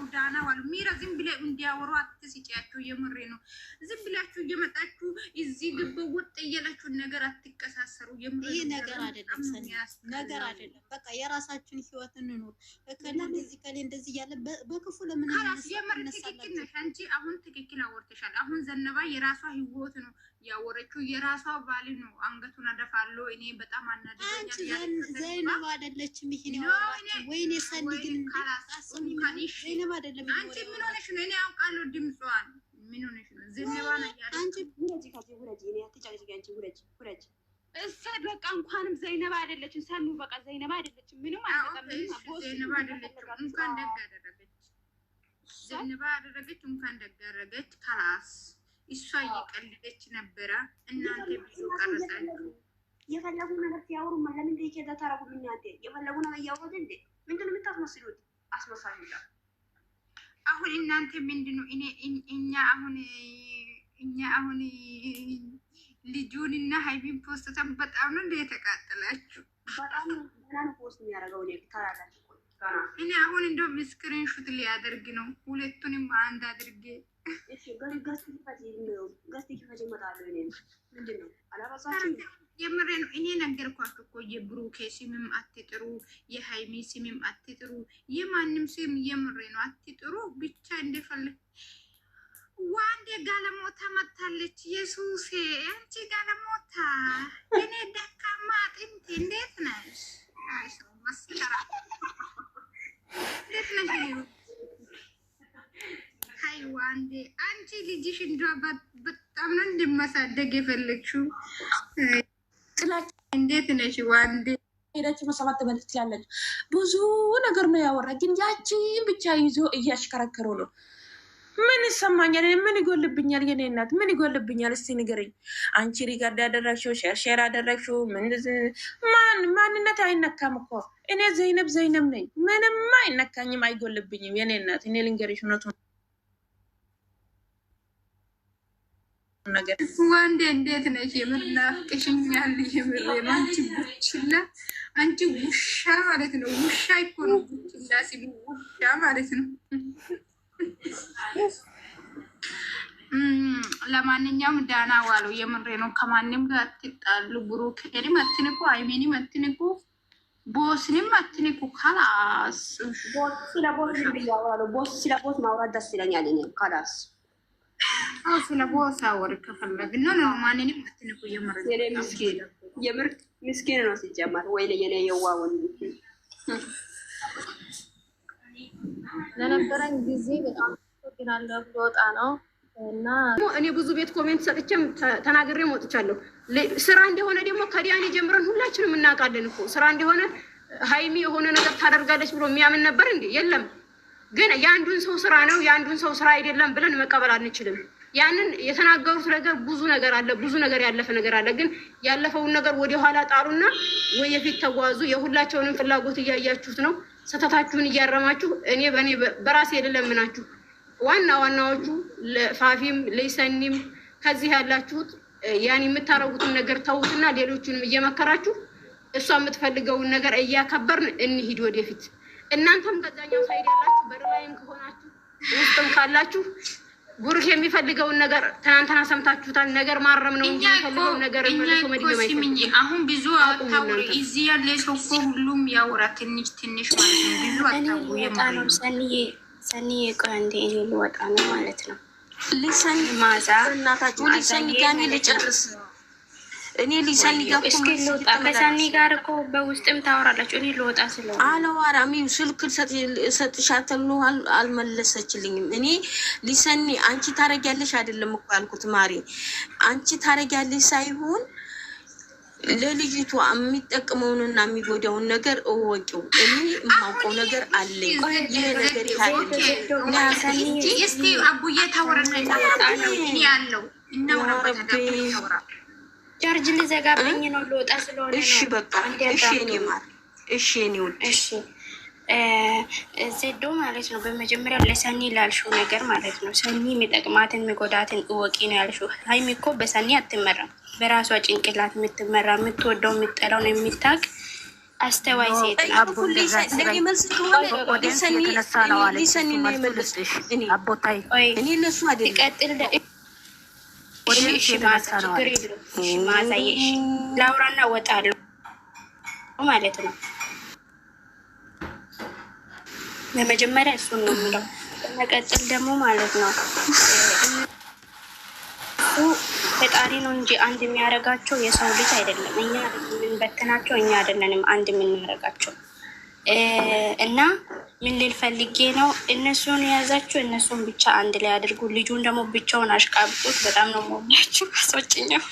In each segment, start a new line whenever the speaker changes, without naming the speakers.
ጎዳና ዋሉ ሚራ ዝም ብለ እንዲያወሩ አትስጫቸው። የምሬ ነው። ዝም ብላችሁ እየመጣችሁ እዚህ ግብ ወጥ እየላችሁን ነገር አትቀሳሰሩ። ይሄ
ነገር አይደለም፣ ነገር አይደለም። በቃ የራሳችን ህይወት እንኑር። ከላም እዚህ ከሌ እንደዚህ እያለ በክፉ ለምን
የምር ትክክል ነሽ አንቺ። አሁን ትክክል አወርተሻል። አሁን ዘነባ የራሷ ህይወት ነው ያወረችው የራሷ ባል ነው። አንገቱን አደፋለሁ እኔ በጣም
አናደኛል። ዘይነብ አይደለችም። ይሄን ያወራችሁ ወይኔ ምን ነው? እኔ በቃ እንኳንም ዘይነብ
አይደለችም። ሰኑ በቃ ዘይነብ አይደለችም። ምንም አልበቃም። እንኳን ደግ አደረገች። አደረገች። እንኳን ደግ አደረገች። ከላስ እሷ እየቀለደች ነበረ። እናንተ ብዙ ቀረጻችሁ።
የፈለጉ ነገር ሲያወሩ ለምን ደቄ ታረጉ? እናንተ የፈለጉ ነገር እያወሩት እንዴ ምንድን ነው የምታስመስሉት? አስመሳሽ
አሁን እናንተ ምንድን ነው እኔ እኛ አሁን እኛ አሁን እና ሀይቢን ፖስተተን በጣም ነው እንደ የተቃጠላችሁ።
በጣም ነው ፖስት የሚያደርገው
እኔ አሁን እንደውም ስክሪንሹት ሊያደርግ ነው። ሁለቱንም አንድ አድርጌ ጀምሬ ነው እኔ ነገርኳችሁ እኮ የብሩኬ ስምም አትጥሩ፣ የሃይሚ ስምም አትጥሩ፣ የማንም ስም የምሬ ነው አትጥሩ። ብቻ እንደፈለግ ዋንዴ ጋለሞታ መታለች። የሱሴ አንቺ ጋለሞታ፣ እኔ ደካማ አጥንት እንዴት ነሽ? እንዴት ነሽ? ሀይዋ አንዴ አንቺ ልጅሽ እንዲ በጣም ነው እንድማሳደግ የፈለግሽው እንዴት ነሽ? ዋንዴ
ሄደች መሰባት መልክት ያለች ብዙ ነገር ነው ያወራ፣ ግን ያቺን ብቻ ይዞ እያሽከረከረው ነው። ምን ይሰማኛል? ምን ይጎልብኛል? የኔ እናት ምን ይጎልብኛል? እስቲ ንገረኝ። አንቺ ሪጋርድ ያደረግሽው ሸርሸር ያደረግሽው ማን ማንነት አይነካም እኮ እኔ ዘይነብ ዘይነብ ነኝ። ምንም አይነካኝም፣ አይጎልብኝም። የኔ እናት እኔ ልንገርሽ እውነቱን
ነገር ወንዴ እንዴት ነሽ? የምር ናፍቅሽኛል። የምር አንቺ ቡችላ አንቺ ውሻ ማለት ነው። ውሻ እኮ ነው ቡችላ ሲሉ ውሻ ማለት ነው። ለማንኛውም ዳና ዋለው የምሬ ነው። ከማንም ጋር አትጣሉ። ብሩክ እኔም መትንኩ አይሜኒ መትንኩ ቦስንም አትንኩ። ካላስ
ስለ ቦስ ማውራት ደስ ይለኛል። ካላስ
ስለ ቦሳ ወር ከፈለግን ነው ማንንም አትንኩ።
የምር ምስኪን ነው ሲጀመር። ወይ የኔ የዋ ወንድ ለነበረን ጊዜ በጣም ወጣ ነው እና እኔ ብዙ ቤት ኮሜንት ሰጥቼም ተናግሬም ወጥቻለሁ። ስራ እንደሆነ ደግሞ ከዲያኔ ጀምረን ሁላችንም እናውቃለን እኮ ስራ እንደሆነ ሀይሚ የሆነ ነገር ታደርጋለች ብሎ የሚያምን ነበር እንዴ? የለም ግን የአንዱን ሰው ስራ ነው የአንዱን ሰው ስራ አይደለም ብለን መቀበል አንችልም። ያንን የተናገሩት ነገር ብዙ ነገር አለ፣ ብዙ ነገር ያለፈ ነገር አለ። ግን ያለፈውን ነገር ወደኋላ ጣሩና ወየፊት ተጓዙ። የሁላቸውንም ፍላጎት እያያችሁት ነው። ስህተታችሁን እያረማችሁ እኔ በእኔ በራሴ የልለምናችሁ ዋና ዋናዎቹ ለፋፊም ለይሰኒም ከዚህ ያላችሁት ያን የምታረጉትን ነገር ተዉትና ሌሎቹንም እየመከራችሁ እሷ የምትፈልገውን ነገር እያከበርን እንሂድ ወደፊት። እናንተም ከዛኛው ሳይድ ያላችሁ በዱባይም ከሆናችሁ ውስጥም ካላችሁ ጉሩሽ የሚፈልገውን ነገር ትናንትና ሰምታችሁታል። ነገር ማረም
ነው እንጂ የሚፈልገው ነገር አሁን ብዙ አታውሪ። እዚህ ያለ ሰው እኮ ሁሉም ያውራ፣ ትንሽ ትንሽ ማለት ነው። ብዙ አታውሪ ማለት ነው ልሰን ማዛ እናታችሁ ልሰን ጋኔ ልጨርስ ነው እኔ ሊሰኒ ጋር
እስኪ ልወጣ፣ ከሰኒ ጋር እኮ በውስጥም ታወራላችሁ። እኔ ልወጣ ስለ
አላወራም። ይኸው ስልክ ሰጥሻተሉ አልመለሰችልኝም። እኔ ሊሰኒ አንቺ ታረጊያለሽ አይደለም እኮ ያልኩት ማሪ፣ አንቺ ታረጊያለሽ ሳይሆን ለልጅቱ የሚጠቅመውንና የሚጎዳውን ነገር እወቂው። እኔ የማውቀው ነገር አለኝ። ይህ ነገር ታለ አቡዬ ታወረና ያለው ታወራ
ቻርጅ ልዘጋብኝ ነው ልወጣ ስለሆነ
እሺ በቃ እሺ፣ የኔ ማር እሺ፣ የኔ ውድ እሺ።
ዘዶ ማለት ነው። በመጀመሪያ ለሰኒ ላልሽው ነገር ማለት ነው። ሰኒ የሚጠቅማትን የሚጎዳትን እወቂ ነው ያልሽው። ሀይሚ እኮ በሰኒ አትመራም። በራሷ ጭንቅላት የምትመራ የምትወደው ነው የሚታቅ አስተዋይ ሴት ናት። ላውራና ወጣለሁ ማለት ነው። ለመጀመሪያ እሱን ነው የምለው። በመቀጠል ደግሞ ማለት ነው ፈጣሪ ነው እንጂ አንድ የሚያደርጋቸው የሰው ልጅ አይደለም። እኛ የምንበትናቸው እኛ አይደለንም አንድ የምናደርጋቸው እና ምን ልል ፈልጌ ነው፣ እነሱን የያዛችሁ እነሱን ብቻ አንድ ላይ አድርጉ። ልጁን ደግሞ ብቻውን አሽቃብጡት። በጣም ነው ሞላችሁ። አስወጭኛው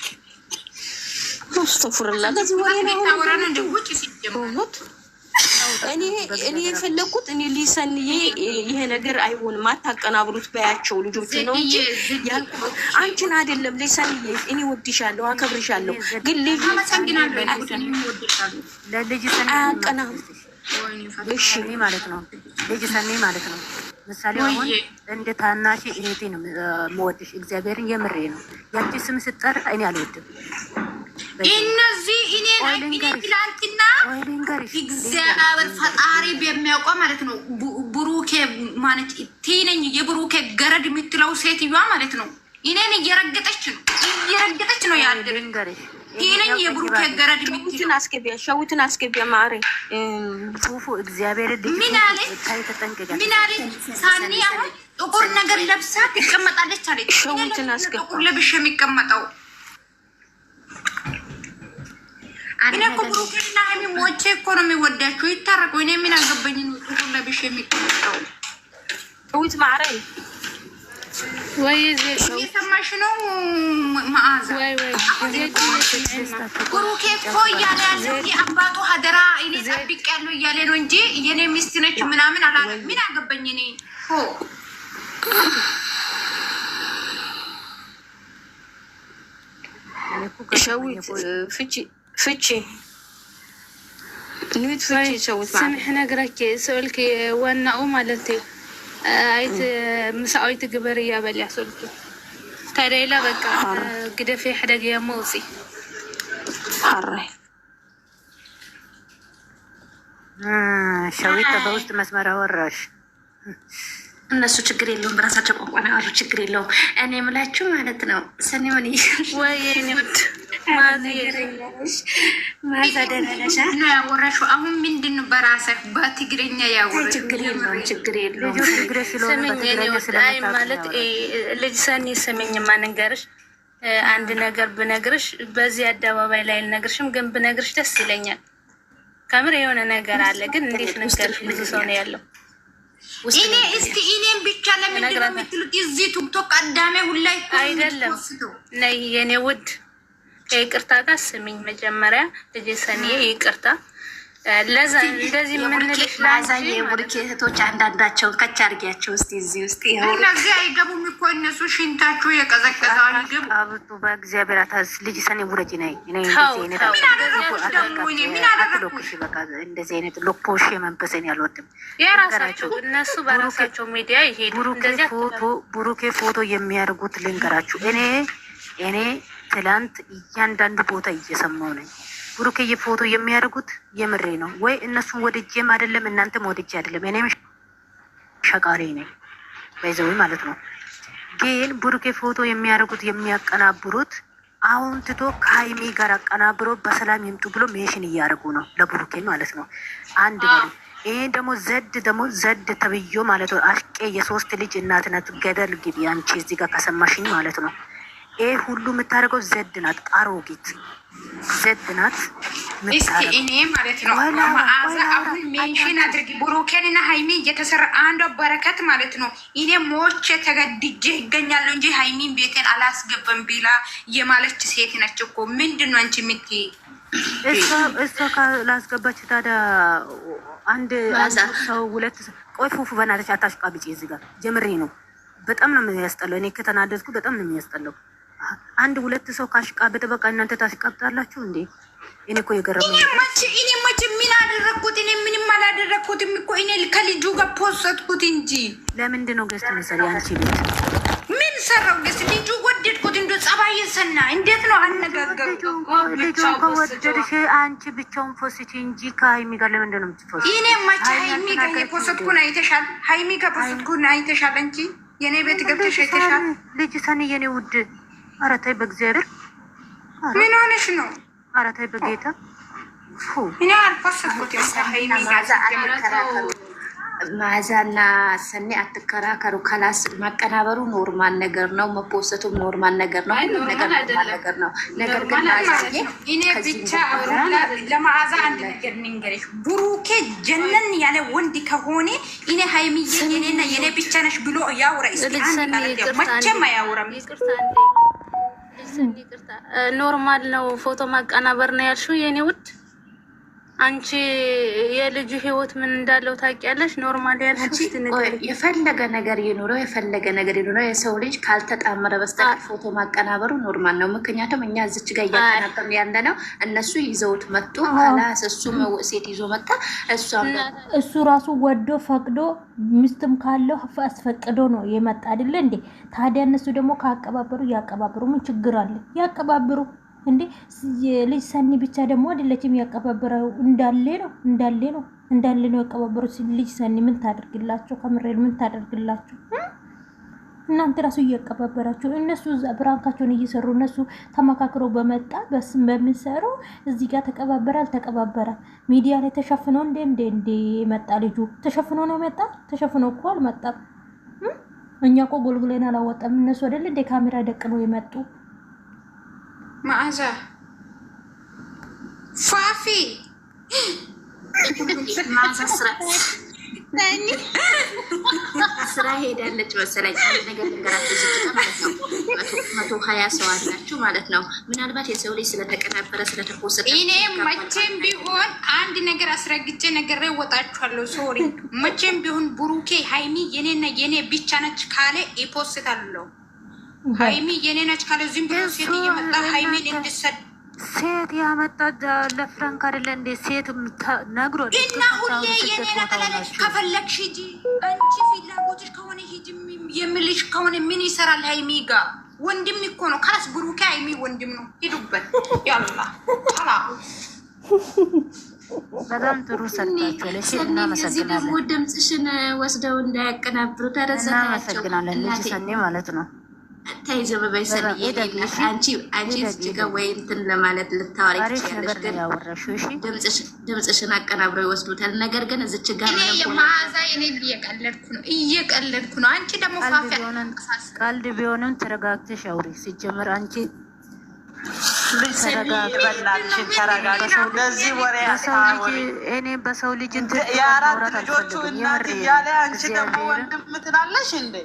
እኔ የፈለግኩት እኔ ሊሰንዬ ይሄ ነገር አይሆንም፣ አታቀናብሩት በያቸው ልጆች ነው እንጂ አንቺን አይደለም። ሊሰንዬ እኔ ወድሻለሁ፣ አከብርሻለሁ፣
ግን ልጅ አያቀናብሩት እሺ ማለት ነው ልጅ ሰኔ ማለት ነው። ምሳሌ አሁን እንደ ታናሽ እህቴ ነው የምወድሽ። እግዚአብሔርን የምሬ ነው። ያቺ ስም ስጠራ እኔ አልወድም።
እነዚህ እኔ ትላንትና እግዚአብሔር ፈጣሪ በሚያውቀው ማለት ነው ብሩኬ ማለት ቲነኝ የብሩኬ ገረድ የምትለው ሴትዮዋ ማለት ነው እኔን እየረገጠች ነው እየረገጠች ነው ያድር ሄለኝ የብሩክ ያገረድ
ምትን አስገቢያ ሸዊትን አስገቢያ ማሪ ጽሁፉ እግዚአብሔር ምን
ምን አለች? ሳኒ አሁን ጥቁር ነገር ለብሳ ትቀመጣለች አለች። ሸዊትን አስገባ ጥቁር ለብሽ የሚቀመጠው እኔ እኮ ብሩክና ሀይሚ ሞቼ እኮ ነው የሚወዳቸው። ይታረቁ። እኔ ምን አገባኝ ነው ጥቁር ለብሽ የሚቀመጠው
ሸዊት ማሪ ወይ
እየሰማሽ ነው መዓዛ? ብሩኬ እኮ እያለ ያለው የአባቱ ሀደራ እኔ ጠብቅ ያለው እያለ ነው እንጂ የኔ ሚስት ነች ምናምን አላለም። ምን አገባኝ እኔ
ሸዊት ፍቺ ፍቺ ኒት ፍቺ ሸዊት ማለት
ስምሕ ነግረኪ ስእልክ ዋናኡ ማለት እዩ አይት ምሳዊት ግበር እያበል በልያ ከሌላ በቃ ግደፌ ሕደግ እያ መውፂ
ሸዊት በውስጥ መስመር አወራሽ።
እነሱ ችግር የለውም በራሳቸው ቋንቋ ነው ያሉ ችግር የለውም። እኔ የምላችሁ ማለት ነው ሰኔ ምን ወይ ያወራሽው አሁን ምንድን ነው? በራስህ በትግርኛ ያወራሽ
ልጅ ሰኒ ስሚኝማ ንገርሽ፣ አንድ ነገር ብነግርሽ በዚህ አደባባይ ላይ አልነግርሽም፣ ግን ብነግርሽ ደስ ይለኛል። ከምር የሆነ ነገር አለ፣ ግን እንዴት ንገርሽ? ብዙ ሰው ነው ያለው
እኔ እስቲ እኔን ብቻ ለምንድን ነው የምትሉት? እዚህ ቱክቶክ አዳሜ ሁላ
አይደለም። ነይ የኔ ውድ ከይቅርታ ጋር ስሚኝ መጀመሪያ ልጄ ሰኔ ይቅርታ ለዛ እንደዚህ የምንልሽ
ላዛኝ የቡርኬ እህቶች አንዳንዳቸውን ከች አድርጊያቸው እስኪ እዚህ ውስጥ እነዚህ አይገቡም እኮ እነሱ ሽንታችሁ የቀዘቀዘ
አይገቡ። በእግዚአብሔር አታዝ ልጅ ሰኔ ውረጅ ነ እንደዚህ አይነት ሎፖሽ መንፈስን ያልወድም የራሳቸው እነሱ በራሳቸው ሚዲያ ይሄዱ።
ቡሩኬ ፎቶ የሚያደርጉት ልንገራችሁ እኔ እኔ ትላንት እያንዳንዱ ቦታ እየሰማው ነኝ። ብሩክዬ ፎቶ የሚያደርጉት የምሬ ነው ወይ እነሱን ወድጄም አይደለም እናንተም ወድጄ አይደለም። እኔም ሸቃሪ ነኝ በይዘው ማለት ነው። ግን ብሩኬ ፎቶ የሚያደርጉት የሚያቀናብሩት አሁን ትቶ ከሀይሚ ጋር አቀናብሮ በሰላም ይምጡ ብሎ ሜሽን እያደረጉ ነው ለብሩኬ ማለት ነው። አንድ ነው። ይህ ደግሞ ዘድ ደግሞ ዘድ ተብዮ ማለት ነው። አሽቄ የሶስት ልጅ እናትነት ገደል ግቢ አንቺ እዚህ ጋር ከሰማሽኝ ማለት ነው። ይህ ሁሉ የምታደርገው ዘድ ናት፣ አሮጊት ዘድ ናት። እስኪ እኔ ማለት ነው መዓዛ አሁን ሜንሽን አድርጊ ብሩኬንና ሀይሚ እየተሰራ አንዷ በረከት ማለት ነው። እኔ ሞቼ ተገድጄ ይገኛለሁ እንጂ ሀይሚን ቤቴን አላስገባም ቢላ የማለች ሴት ነች እኮ። ምንድን ነው አንቺ ምት
እሷ ካላስገባች ታዲያ አንድ ሰው ሁለት ቆይ፣ ፉፉ በናለች አታሽቃ ብጭ እዚህ ጋር ጀምሬ ነው። በጣም ነው የሚያስጠላው። እኔ ከተናደድኩ በጣም ነው የሚያስጠላው። አንድ ሁለት ሰው ካሽቃበጠ በቃ እናንተ ታሽቃብጣላችሁ እንዴ? እኔ እኮ የገረመኝ
እኔ መች ምን አደረግኩት? እኔ ምንም አላደረግኩትም እኮ እኔ ከልጁ ጋር ፖሰትኩት እንጂ።
ለምንድን ነው ገስት መሰል አንቺ ቤት
ምን ሰራው? ገስት ልጁ ወደድኩት። እንዶ ጸባይ ሰና እንዴት ነው
አነጋገር? ልጁ ከወደድሽ አንቺ ብቻውን ፖስት እንጂ ከሀይሚ ጋር ለምንድን ነው ምትፖስ? እኔ
መች ሀይሚ ጋር የፖሰትኩን አይተሻል? ሀይሚ ጋር ፖሰትኩን አይተሻል እንጂ የእኔ ቤት ገብተሽ አይተሻል?
ልጅ ሰን የኔ ውድ ኧረ ተይ በእግዚአብሔር
ምን ሆነሽ ነው?
ኧረ ተይ በጌታ እኔ መዓዛና ሰኔ አትከራከሩ። ከላስ ማቀናበሩ ኖርማል ነገር ነው። መፖሰቱም ኖርማል ነገር ነው።
ነገር ኖርማል ነገር ነው። ነገር ግን እኔ ብቻ ለማዛ አንድ ነገር ንገረሽ፣ ብሩኬ ጀነን ያለ ወንድ ከሆነ እኔ ሀይሚዬ የኔና የኔ ብቻ ነሽ ብሎ ያውራ። እስኪ አንድ ማለት መቼም አያውራም።
ኖርማል ነው ፎቶ ማቀናበር ነው ያልሽው የኔ ውድ አንቺ የልጁ ህይወት ምን እንዳለው ታውቂያለሽ። ኖርማል የፈለገ ነገር ይኑረው የፈለገ ነገር ይኑረው የሰው ልጅ ካልተጣመረ በስተቀር ፎቶ ማቀናበሩ ኖርማል ነው። ምክንያቱም እኛ እዚች ጋር እያቀናበር ያለ ነው። እነሱ ይዘውት መጡ። ከላስ እሱ ሴት ይዞ መጣ። እሱ ራሱ ወዶ ፈቅዶ ሚስትም ካለው አስፈቅዶ ነው የመጣ አይደለ እንዴ? ታዲያ እነሱ ደግሞ ካቀባበሩ ያቀባበሩ ምን ችግር አለ? ያቀባብሩ እንዴ ልጅ ሰኒ ብቻ ደግሞ አይደለችም ያቀባበረው፣ እንዳለ ነው እንዳለ ነው እንዳለ ነው ያቀባበሩት። ልጅ ሰኒ ምን ታደርግላቸው? ከምሬል ምን ታደርግላቸው? እናንተ ራሱ እያቀባበራችሁ እነሱ ብራንካቸውን እየሰሩ እነሱ ተመካክረው በመጣ በሚሰሩ እዚህ ጋር ተቀባበረ አልተቀባበረ ሚዲያ ላይ ተሸፍኖ እንዴ እንዴ እንዴ መጣ ልጁ ተሸፍኖ ነው መጣ። ተሸፍኖ እኮ አልመጣም። እኛ እኮ ጎልጉሌን አላወጣም። እነሱ አይደል እንዴ ካሜራ ደቅነው የመጡ
መዓዛ ፋፊ
ስራ ሄዳለች መሰለኝ። አንድ ነገር ልንገራችሁ መቶ ሀያ ሰው አላችሁ ማለት ነው። ምናልባት የሰው ልጅ ስለተቀናበረ ስለተኮሰ እኔ መቼም ቢሆን አንድ ነገር አስረግጬ ነገር ላይ ወጣችኋለሁ። ሶሪ መቼም ቢሆን ብሩኬ ሀይሚ የኔና የኔ ብቻ ነች ካለ ይፖስታለሁ ሀይሚ የኔ ነች ካለ ዝም ብሎ ሴት እየመጣ ሀይሚን እንድሰድ ሴት ያመጣት ለፍራንክ አይደለ እንዴ? ሴት ነግሮ እና ሁሌ የኔ ናቀላለች። ከፈለግሽ ሂጂ አንቺ ፍላጎትሽ ከሆነ ሂጂ የምልሽ ከሆነ ምን ይሰራል? ሀይሚ ጋ ወንድም እኮ ነው። ካላስ ብሩኬ ሀይሚ ወንድም ነው። ሂዱበት ያላ በጣም ጥሩ ሰጥታቸዋለች። ደግሞ ድምፅሽን ወስደው እንዳያቀናብሩ ተረዘናቸው። እናመሰግናለን። ልጅ ሰኔ ማለት ነው ተይ ዝም በይ አንቺ አንቺ እዚህ ወይ እንትን ለማለት ልታወሪ ትችያለሽ፣ ግን ድምፅሽን አቀናብረው ይወስዱታል። ነገር ግን እዚች እኔ እየቀለድኩ ነው እየቀለድኩ ነው። አንቺ ደግሞ ቀልድ ቢሆንም ተረጋግተሽ አውሪ። ሲጀምር አንቺ እኔ በሰው ልጅ የአራት ልጆቹ እናት እያለ አንቺ ደግሞ ወንድም ትላለሽ እንዴ?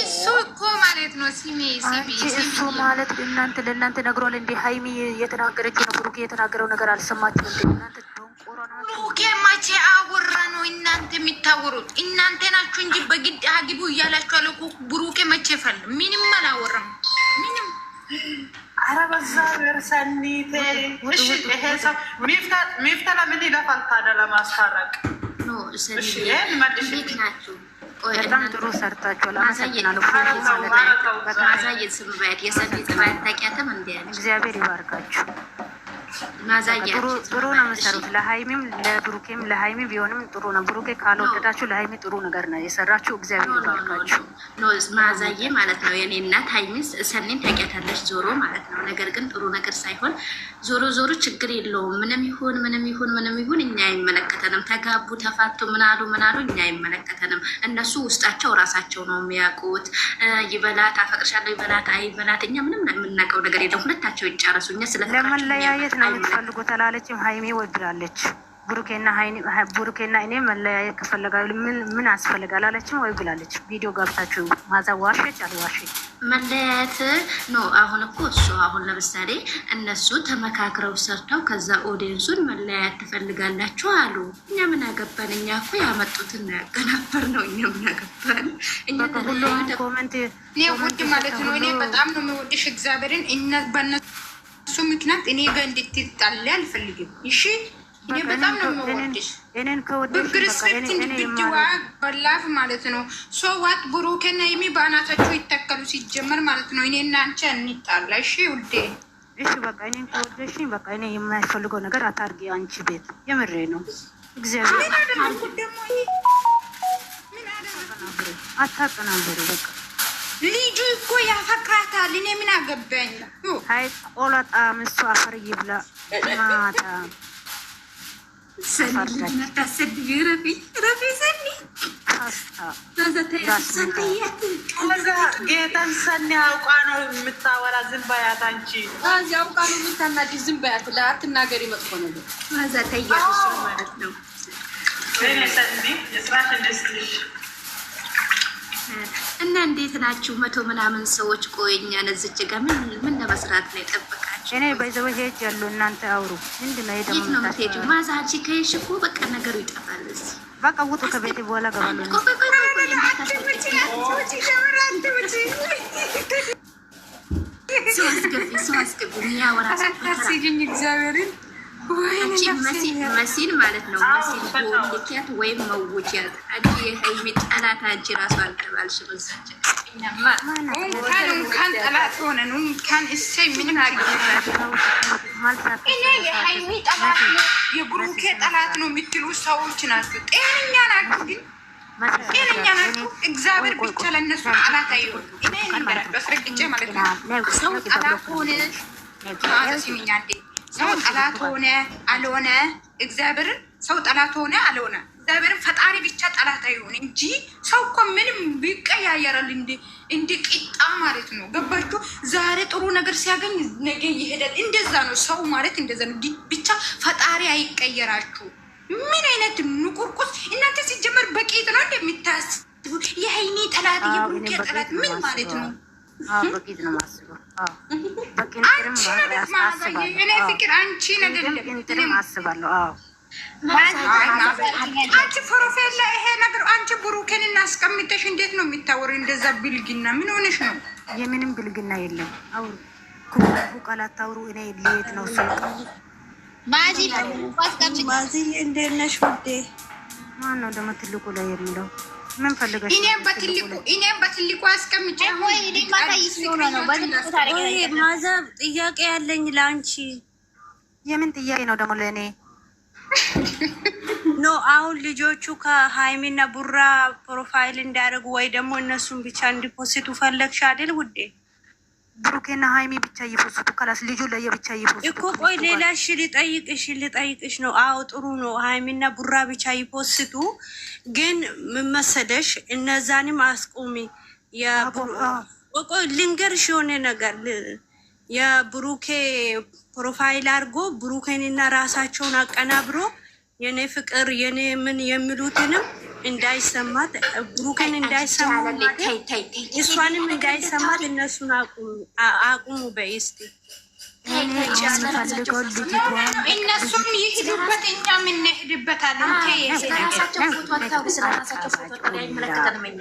እሱ እኮ ማለት ነው ሲሜ ሲሜ እሱ ማለት እናንተ ለእናንተ ነግሯል እንዴ? ሀይሚ የተናገረችው ነው ብሩኬ የተናገረው ነገር አልሰማችሁ እንዴ? እናንተ ብሩኬ መቼ አወራ ነው እናንተ የሚታወሩት? እናንተ ናችሁ እንጂ በግድ አግቡ እያላችሁ አለ እኮ ብሩኬ። መቼ ፈል ምንም አላወራም ምንም አረበዛ ርሰኒቴ እሺ። ይሄ ሰው ሚፍታ ለምን ይለፋል ታዲያ ለማስታረቅ? እሺ ይሄን መልሽ ናችሁ በጣም ጥሩ ሰርታችኋል። አመሰግናለሁ። ማሳየት ስብባት የሰፊ እግዚአብሔር ይባርካችሁ። ጥሩ ነው የምትሰሩት። ለሀይሚም ለብሩኬም ለሀይሚ ቢሆንም ጥሩ ነው። ብሩኬ ካልወደዳችሁ ለሀይሚ ጥሩ ነገር ነው የሰራችሁ። እግዚአብሔር ይባርካችሁ። ማዛዬ ማለት ነው የኔ እናት ሰኔን ዞሮ ማለት ነው። ነገር ግን ጥሩ ነገር ሳይሆን ዞሮ ዞሮ ችግር የለውም። ምንም ይሁን ምንም ይሁን ምንም ይሁን እኛ አይመለከተንም። ተጋቡ ተፋቱ፣ ምናሉ ምናሉ እኛ አይመለከተንም። እነሱ ውስጣቸው ራሳቸው ነው የሚያውቁት። ይበላት አፈቅርሻለሁ፣ ይበላት አይበላት፣ እኛ ምንም የምናውቀው ነገር የለም። ሁለታቸው ይጨረሱ። እኛ ነው መመት ፈልጎ ተላለችም ሀይሜ ወብላለች ብሩኬና እኔ መለያየት ከፈለጋ ምን አስፈልጋል አለችም ወይ ብላለች። ቪዲዮ ጋብታችሁ ማዛ ዋሸች አልዋሸች መለያየት ነው። አሁን እኮ እሱ አሁን ለምሳሌ እነሱ ተመካክረው ሰርተው ከዛ ኦዲየንሱን መለያየት ትፈልጋላችሁ አሉ። እኛ ምን አገባን? እኛ እኮ ያመጡትን ነው ያቀናበር ነው። እኛ ምን አገባን? እኛ ሁሉም ኮመንት ውድ ማለት ነው። እኔ በጣም ነው የምወድሽ እግዚአብሔርን በነሱ እሱ ምክንያት እኔ ጋር እንድትጣላ አልፈልግም። እሺ፣ እኔ በጣም ነው የምወድሽ። በግርስክት እንድትዋ በላፍ ማለት ነው። ሶዋት ብሩኬና የሚ በአናታቸው ይተከሉ ሲጀመር ማለት ነው። እኔ እና እንጣላ። እሺ ውዴ፣ እሺ በቃ እኔን ከወደሽኝ በቃ እኔ የማያስፈልገው ነገር አታርጊ። አንቺ ቤት የምሬ ነው። እግዚአብሔር ምን በቃ ልጁ እኮ ያፈቅራታል። እኔ ምን አገባኝ? አይ ቆለጣ ምሱ አፈር ይብላ ማታ ጌታን ሰኒ አውቃ ነው የምታወራ። ዝም በያት አንቺ አውቃ ነው የምታናድ። ዝም በያት መጥፎ ነገር ማለት ነው። እና እንዴት ናችሁ? መቶ ምናምን ሰዎች ቆይኛ ነዝች ጋ ምን ምን ለመስራት ነው የጠበቃችሁ? እኔ በይዘው ሄጅ ያሉ እናንተ አውሩ። ምንድን ነው የት ነው የምትሄጂው? ማዛ አንቺ ከሄድሽ እኮ በቃ ነገሩ ይጠፋል። እዚህ በቃ ውጡ ከቤት በኋላ ገባሉ ሰው አስገቢ፣ ሰው አስገቢ። ያ ወራስ ሲጅኝ እግዚአብሔርን መሲል ማለት ነው። መሲል ልኬት ወይም መውጃት አንቺ የሀይሚ ጠላት አንቺ ራሱ አልቀባልሽም። እኔ የሀይሚ ጠላት ነው የብሩኬ ጠላት ነው የሚትሉ ሰዎች ናቸው። ጤነኛ ናችሁ ግን ጤነኛ ናችሁ። እግዚአብሔር ብቻ ለእነሱ ጠላት አይሆንም። እኔ በስረግጬ ማለት ነው ሰው ጠላት ሆነ ሲሚኛ ሰው ጠላት ሆነ አልሆነ እግዚአብሔርን ሰው ጠላት ሆነ አልሆነ እግዚአብሔርን ፈጣሪ ብቻ ጠላት አይሆን እንጂ ሰው እኮ ምንም ይቀያየራል። እንዲ ቂጣ ማለት ነው። ገባችሁ? ዛሬ ጥሩ ነገር ሲያገኝ ነገ ይሄዳል። እንደዛ ነው ሰው ማለት እንደዛ ነው። ብቻ ፈጣሪ አይቀየራችሁ። ምን አይነት ንቁርቁስ እናንተ! ሲጀመር በቂጥ ነው እንደሚታስቡ የሀይኒ ጠላት የቡርጌ ጠላት ምን ማለት ነው? በጊዜ ነው የማስበው። እኔ ፍቅር አንቺን አይደለም አስባለሁ። አንቺ ፕሮፌላ ይሄ ነገር አንቺ ብሩኬን እናስቀምጠሽ እንዴት ነው የሚታወሪው? እንደዛ ብልግና ምን ሆነሽ ነው? የምንም ብልግና የለም። አውሩ ኩቡ ቃላት አውሩ። እኔ ሌት ነው ሰው ማዚ ማዚ እንደነሽ ውዴ ማን ነው ደግሞ ትልቁ ላይ የሚለው ምን ፈልገሽ? እኔም በትልቁ እኔም በትልቁ አስቀምጬ ወይ እኔም ነው። ጥያቄ ያለኝ ለአንቺ። የምን ጥያቄ ነው ደግሞ ለእኔ? ኖ አሁን ልጆቹ ከሀይሚና ቡራ ፕሮፋይል እንዳደርጉ ወይ ደግሞ እነሱን ብቻ እንዲፖስቱ ፈለግሽ አይደል ውዴ? ብሩኬና ሀይሚ ብቻ እየፎስቱ ከላስ ልጁ ላይ ብቻ እየፎስቱ እኮ ቆይ፣ ሌላ እሺ፣ ልጠይቅሽ ልጠይቅሽ ነው። አዎ ጥሩ ነው። ሀይሚና ቡራ ብቻ ይፎስቱ፣ ግን ምመሰለሽ እነዛንም አስቆሚ። ቆይ ልንገርሽ የሆነ ነገር የብሩኬ ፕሮፋይል አድርጎ ብሩኬንና ራሳቸውን አቀናብሮ የኔ ፍቅር የኔ ምን የሚሉትንም እንዳይሰማት ብሩክን እንዳይሰማት እሷንም እንዳይሰማት እነሱን አቁሙ በይስቲ እነሱም ይሄዱበት እኛም እንሄድበታለን። ለምን ጭንቅላታቸው ላይ ተሸክመው እኛ ምን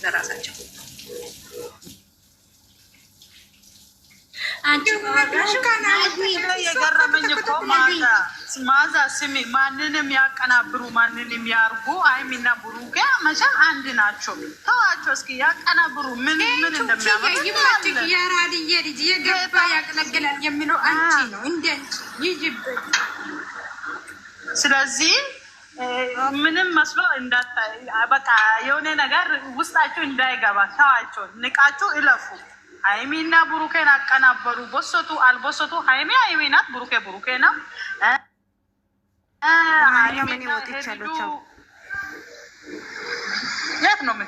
ስለራሳቸው የገረመኝ ማዛ ስሜ ማንንም ያቀናብሩ ማንንም ያርጉ ሀይሚና ብሩኬ መቼም አንድ ናቸው። ተዋቸው እስኪ ያቀናብሩ ምን ምን እንደሚያመጡ ስለዚህ ምንም መስሎ እንዳታይ በቃ የሆነ ነገር ውስጣቸው እንዳይገባ ተዋቸው፣ ንቃችሁ እለፉ። ሀይሚና ብሩኬን አቀናበሩ። ቦሰቱ አልቦሰቱ ሀይሜ ሀይሜ ናት፣ ብሩኬ ብሩኬ ነው። የት ነው